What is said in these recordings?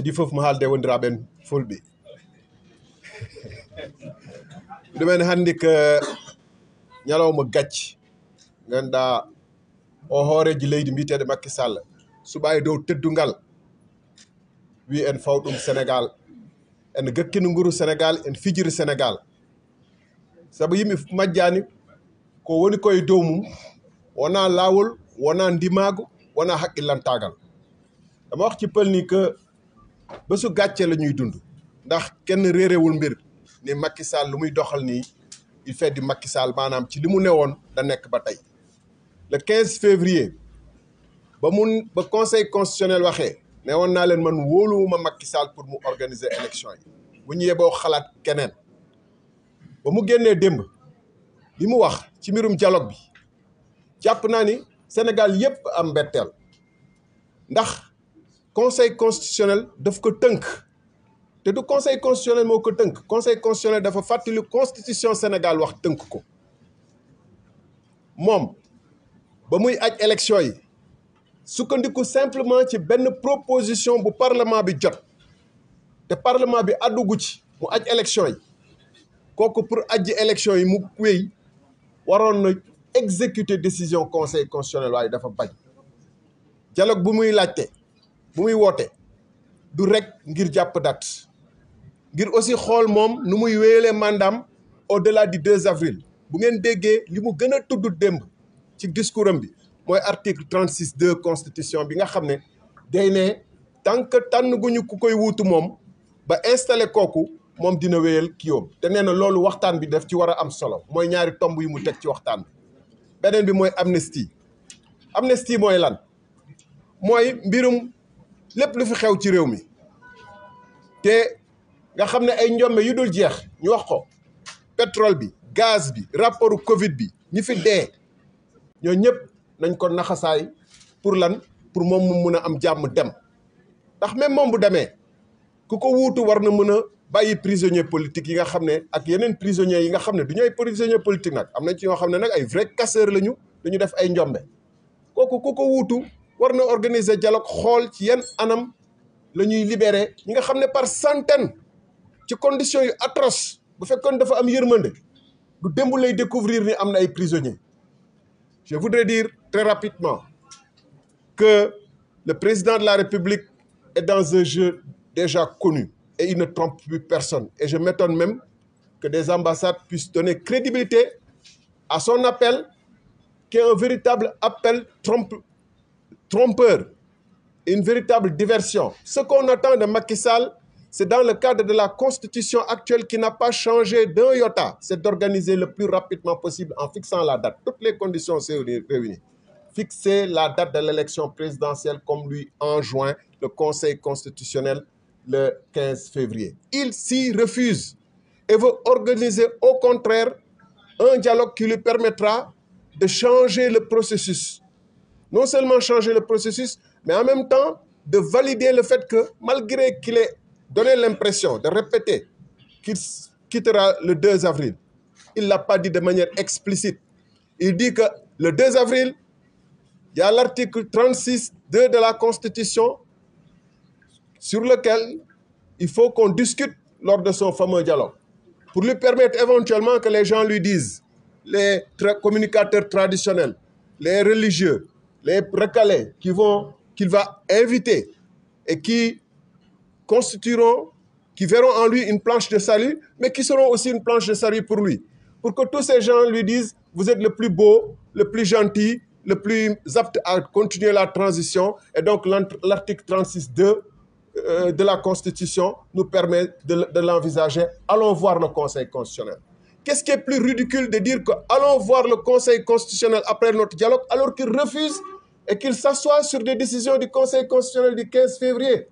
edi fof mo haalde wondiraɓen fulɓe ɗumen hanndi ko eh, ñalawma gacci ganduɗa o hooreji leydi mbiteɗo makky sall suɓa e dow teddungal wi en faw ɗum sénégal en gakkino nguru sénégal en fijiri sénégal saabu yimɓe majjani ko woni koye dow mum wona lawol wona ndimaago wona dama wax ci pelni que bésu gàccee la ñuy dund ndax kenn réerewul mbir ni Macky Sall lu muy doxal nii il fait du Macky maanaam ci li mu newoon da nekk ba tey le 15 février ba mun ba conseil constitutionnel waxee ne woon naa leen man wóoluwuma Macky Sall pour mu organiser élection yi bu ñu yeboo xalaat keneen ba mu génnee démb li mu wax ci mbirum dialogue bi jàpp naa ni Sénégal yépp am mbetteel ndax conseil constitutionnel daf ko tënk te du conseil constitutionnel moo ko tënk conseil constitutionnel dafa fàttali constitution Sénégal wax tënk ko moom ba muy aj élection yi sukkandiku simplement ci benn proposition bu parlement bi jot te parlement bi àddugu ci mu aj élection yi kooku pour ajji élection yi mu wéy waroon na exécuter décision conseil constitutionnel waaye dafa bañ dialogue bu muy laajte bu muy woote du rek ngir jàpp date ngir aussi xool moom nu muy wéyalee mandaam au-delà du 2 avril bu ngeen déggee li mu gën a tudd démb ci discours am bi mooy article 36 2 constitution bi nga xam ne day ne tant que tànn guñu ku koy wuutu moom ba installé kooku moom dina wéyal kiiwam te nee na loolu waxtaan bi def ci war a am solo mooy ñaari tomb yu mu teg ci waxtaan bi beneen bi mooy amnistie amnistie mooy lan mooy mbirum lépp lu fi xew ci réew mi te nga xam ne ay njombe yu dul jeex ñu wax ko petrole bi gaz bi rapport Covid bi ñi fi dee ñoo ñëpp nañ ko naxasaay pour lan pour moom mu mun a am jàmm dem ndax même moom bu demee ku ko wuutu war na mën a bàyyi prisonnier politique yi nga xam ne ak yeneen prisonniers yi nga xam ne du ñu ay prisonnier politique nag am nañ ci ñoo xam ne nag ay vrai casseur lañu dañu def ay njombe kooku ku ko wuutu war na organiser dialogue xool ci yan anam la ñuy libérer ñi nga xam ne par centaine ci conditions yu atroce bu fekkoon dafa am yërmande du démb lay découvrir ni am na ay prisonniers je voudrais dire très rapidement que le président de la République est dans un jeu déjà connu et il trompe plus personne et je m'étonne même que des ambassades puissent donner crédibilité à son appel qui est un véritable appel trompeur, une véritable diversion. Ce qu'on attend de Macky Sall, c'est dans le cadre de la constitution actuelle qui n'a pas changé d'un iota, c'est d'organiser le plus rapidement possible en fixant la date. Toutes les conditions sont réunies. Fixer la date de l'élection présidentielle comme lui enjoint le Conseil constitutionnel le 15 février. Il s'y refuse et veut organiser au contraire un dialogue qui lui permettra de changer le processus non seulement changer le processus, mais même temps de valider le fait que malgré qu'il ait donné l'impression de répéter qu'il quittera le 2 avril, il ne l'a pas de manière explicite. Il dit que le 2 avril, il y a l'article 36.2 de la Constitution sur lequel il faut qu'on discute lors de son fameux dialogue, pour lui permettre éventuellement que les gens lui les tra communicateurs traditionnels, les religieux, les recalés qui vont, qu'il va inviter et qui constitueront, qui verront en lui une planche de salut, mais qui seront aussi une pour lui. Pour que tous ces gens lui disent, vous êtes le plus le plus gentil, le plus apte à continuer la transition. Et donc l'article 36.2 euh, de la Constitution nous permet de, de l'envisager. Allons voir le Conseil constitutionnel. Qu'est-ce qui est plus ridicule de dire que allons voir le Conseil constitutionnel après notre dialogue alors qu'il refuse et qu'il s'assoie sur des décisions du Conseil constitutionnel du 15 février.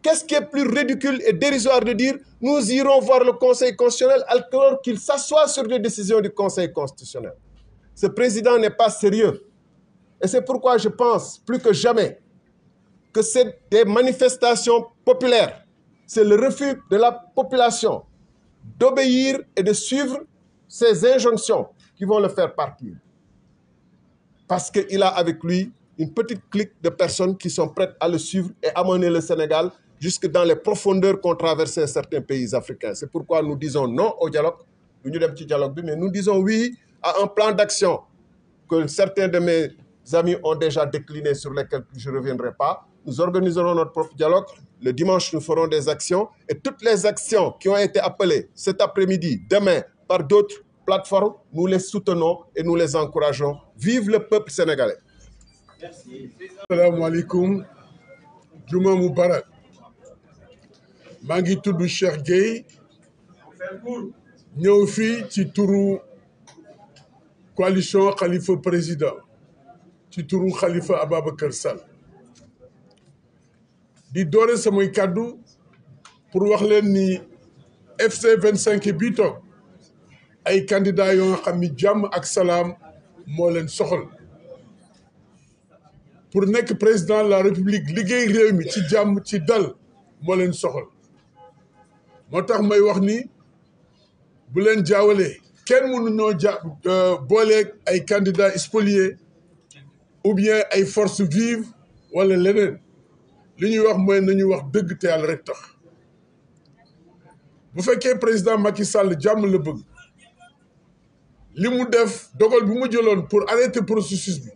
Qu'est-ce qui est plus ridicule et dérisoire de dire nous irons voir le Conseil constitutionnel alors qu'il s'assoit sur des décisions du Conseil constitutionnel Ce président n'est pas sérieux. Et c'est pourquoi je pense plus que jamais que c'est des manifestations populaires. C'est le refus de la population d'obéir et de suivre ces injonctions qui vont le faire partir. parce qu'il a avec lui une petite clique de personnes qui sont prêtes à le suivre et à mener le Sénégal jusque dans les profondeurs qu'ont traversé certains pays africains. C'est pourquoi nous disons non au dialogue, dialogue, mais nous disons oui à un plan d'action que certains de mes amis ont déjà décliné, sur lesquels je ne reviendrai pas. Nous organiserons notre propre dialogue. Le dimanche, nous ferons des actions. Et toutes les actions qui ont été appelées cet après-midi, demain, par plateforme. Nous les soutenons et nous les encourageons. Vive le peuple sénégalais. Merci. Assalamu alaikum. Juma Moubarak. Mangi Toudou Cheikh Gueye. ñëw fii ci turu coalition Khalifa président ci turu Khalifa Ababacar Sall di doore samay kàddu pour wax leen ni FC 25 bii toog ay candidat yoo nga xam ni jàmm ak salaam moo leen soxal pour nekk président la république liggéey réew mi ci jàmm ci dal moo leen soxal moo tax may wax ni bu leen jaawalee kenn mënu noo ja euh, booleeg ay candidats spoliés ou bien ay forces vives wala leneen li ñuy wax mooy nañu wax dëgg te yàlla rek bu fekkee président Macky Sall jàmm la bëgg li mu def dogal bi mu jëloon pour arrêter processus bi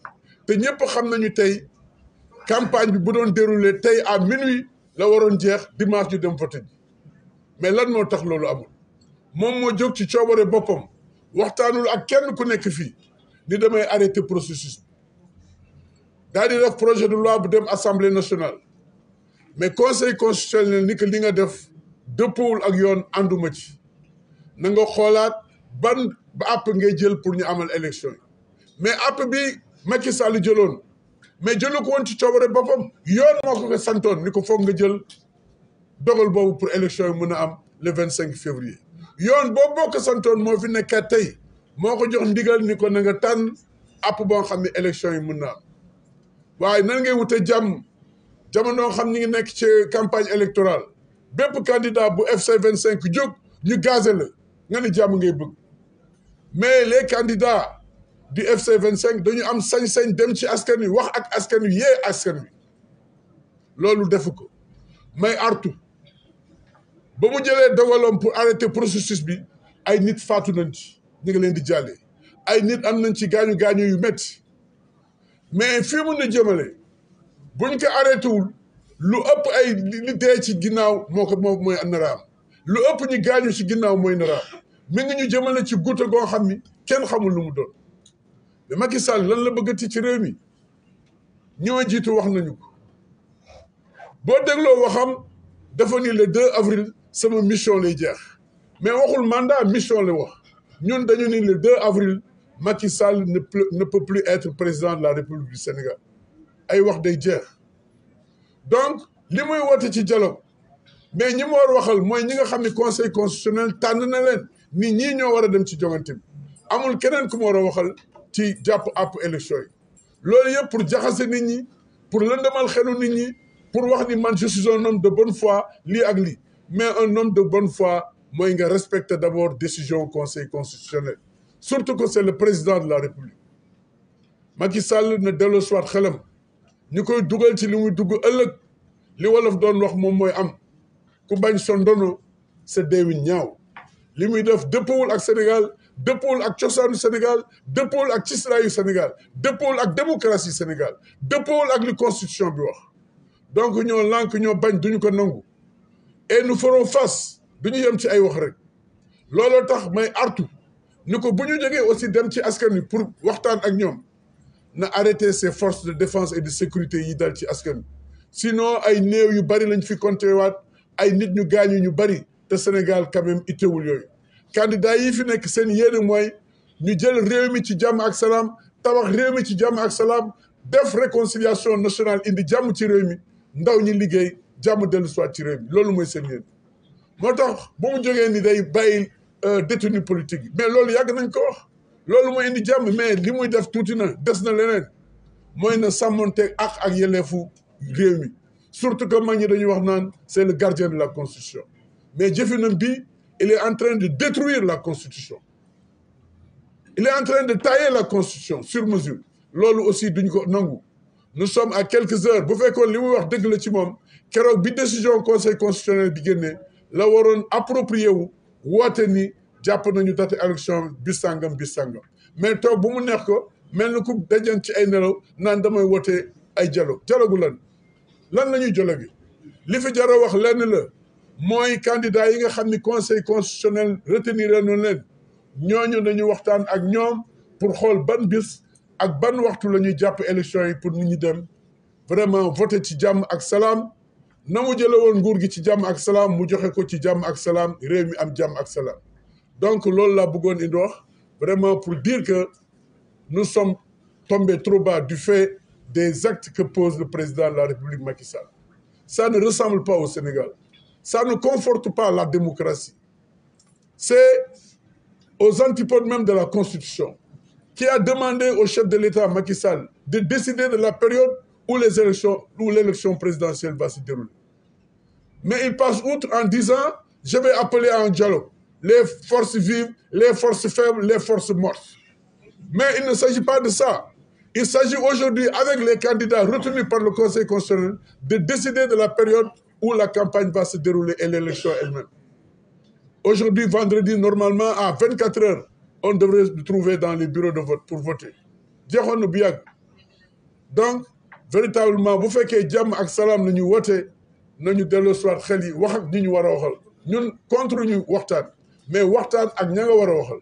te ñëpp xam nañu tey campagne bi bu doon déroulé tey à minuit la waroon jeex dimanche ñu dem voté ji mais lan moo tax loolu amul moom moo jóg ci coobare boppam waxtaanul ak kenn ku nekk fii ni damay arrêter processus bi daal di projet de loi bu dem assemblée nationale mais conseil constitutionnel ni li nga def dëppoowul ak yoon ànduma ci na xoolaat ban ba àpp ngay jël pour ñu amal élection yi mais àpp bi Macky Sall jëloon mais jëlu ko woon ci coobare boppam yoon moo ko ko santoon ni ko foog nga jël dogal boobu pour élection yi mën a am le vingt cinq février yoon boobu boo ko santoon moo fi nekkaat tey moo ko jox ndigal ni ko na nga tànn àpp boo xam ne élection yi mën na am waaye nan ngay wute jàmm jamono xam ñi ngi nekk ci campagne électoral bépp candidat bu FC vingt cinq jóg ñu gazé la nga ni jàmm ngay bëgg mais les candidats du FC 25 dañu am sañ-sañ dem ci askan wi wax ak askan wi yee askan wi loolu defu ko may artu ba mu jëlee dogalam pour arrêter processus bi ay nit faatu nañ ci ñu ngi leen di jàlle ay nit am nañ ci gaañu gaañu yu métti mais fi mun na jëmale buñ ko arrêté wul lu ëpp ay li dee ci ginnaaw moo ko moom mooy naraam lu ëpp ñu gaañu ci ginnaaw mooy naraam mi ngi ñu jëmale ci guute goo xam ni kenn xamul lu mu doon mais Macky Sall lan la bëggati ci réew mi ñoo jiitu wax nañu ko boo dégloo waxam dafa ni le 2 avril sama mission lay jeex mais waxul mandat mission la wax ñun dañu ni le 2 avril Macky Sall ne ne plus être président de la République du Sénégal ay wax day jeex donc li muy woote ci dialogue mais ñi mu war waxal mooy ñi nga xam ne conseil constitutionnel tànn na nit ñii ñoo war a dem ci joŋante bi amul keneen ku mu war a waxal ci jàpp àpp élection yi loolu yëpp pour jaxase nit ñi pour lëndëmal xelu nit ñi pour wax ni man je suis un homme de bonne foi lii ak li mais un homme de bonne fois mooy nga respecter d'abord décision conseil constitutionnel surtout que c'est le président de la république Macky Sall ne dello soit xelam ñi koy dugal ci li muy dugg ëllëg li wolof doon wax moom mooy am ku bañ sa ndono sa deewi ñaaw li muy def dëppawul ak Sénégal dëppawul ak cosaanu Sénégal dëppawul ak cisraayu Sénégal dëppawul ak démocratie Sénégal dëppawul ak li constitution bi wax donc ñoo lànk ñoo bañ ñu ko nangu et foro ferons bi ñu yem ci ay wax rek looloo tax may artu ni ko bu ñu jógee aussi dem ci askan wi pour waxtaan ak ñoom na arrêter ces force de défense et de sécurité yi dal ci askan wi sinon ay néew yu bari lañ fi compté waat ay nit ñu gaañu ñu bari te Sénégal quand même itteewul yooyu candidat yi fi nekk seen yéene mooy ñu jël réew mi ci jàmm ak salaam tabax réew mi ci jàmm ak salaam def réconciliation nationale indi jàmm ci réew mi ndaw ñi liggéey jàmm dellu soit ci réew mi loolu mooy seen yéene moo tax ba mu jógee ni day bàyyi euh, détenu politique yi mais loolu yàgg nañ ko loolu mooy indi jàmm mais li muy def tuuti na des na leneen mooy na sàmmonteeg ak ak yelleefu réew mi surtout que mag ñi dañuy wax naan c'est le gardien de la constitution mais jëfinam bi il est en train de détruire la constitution il est en de tailler la constitution sur mesure loolu aussi duñ ko nangu nous sommes à quelques heures bu fekkoon li muy wax dëgg la ci moom keroog bi décision conseil constitutionnel bi génnee la waroon approprié wu woote ni jàpp nañu date élection bi sàngam bi sàngam mais toog bu mu neex ko mel ni ku dajan ci ay nelaw naan damay woote ay jalo dialogue lan lan la ñuy gi li fi jaro wax lenn la mooy candidat yi nga xam ni conseil constitutionnel retenir nañu leen ñooñu dañu waxtaan ak ñoom pour xool ban bis ak ban waxtu la ñuy jàpp élection yi pour nit ñi dem vraiment voté ci jàmm ak salaam na mu jële woon nguur gi ci jàmm ak salaam mu joxe ko ci jàmm ak salaam réew mi am jàmm ak salaam donc loolu laa bëggoon indi wax vraiment pour dire que nous sommes tombés trop bas du fait des actes que pose le président de la République Macky sa ça ne ressemble pas au Sénégal ça ne conforte pas la démocratie. C'est aux antipodes même de la Constitution qui a demandé au chef de l'État, Macky Sall, de décider de la période où les élections, où l'élection présidentielle va se dérouler. Mais il passe outre en disant, je vais appeler à un dialogue. Les forces vives, les forces faibles, les forces mortes. Mais il ne s'agit pas de ça. Il s'agit aujourd'hui, avec les candidats retenus par le Conseil constitutionnel, de décider de la période où la campagne va se dérouler et l'élection elle-même. Aujourd'hui, vendredi, normalement, à 24 heures, on devrait se trouver dans les bureaux de vote pour voter. jeexoon na bu yàgg donc véritablement bu fekkee jàmm ak salaam la ñu woote nañu dellu soit xel yi wax ak ñi ñu war a waxal ñun contre ñu waxtaan mais waxtaan ak ña war a waxal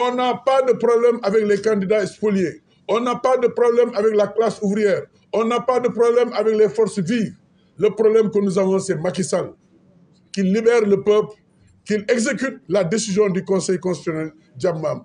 on n'a pas de problème avec les candidats spoliés on n'a pas de problème avec la classe ouvrière on n'a pas de problème avec les forces vives Le problème que nous avons, c'est Macky Sall, qui libère le peuple, qu'il exécute la décision du Conseil constitutionnel. Djamam.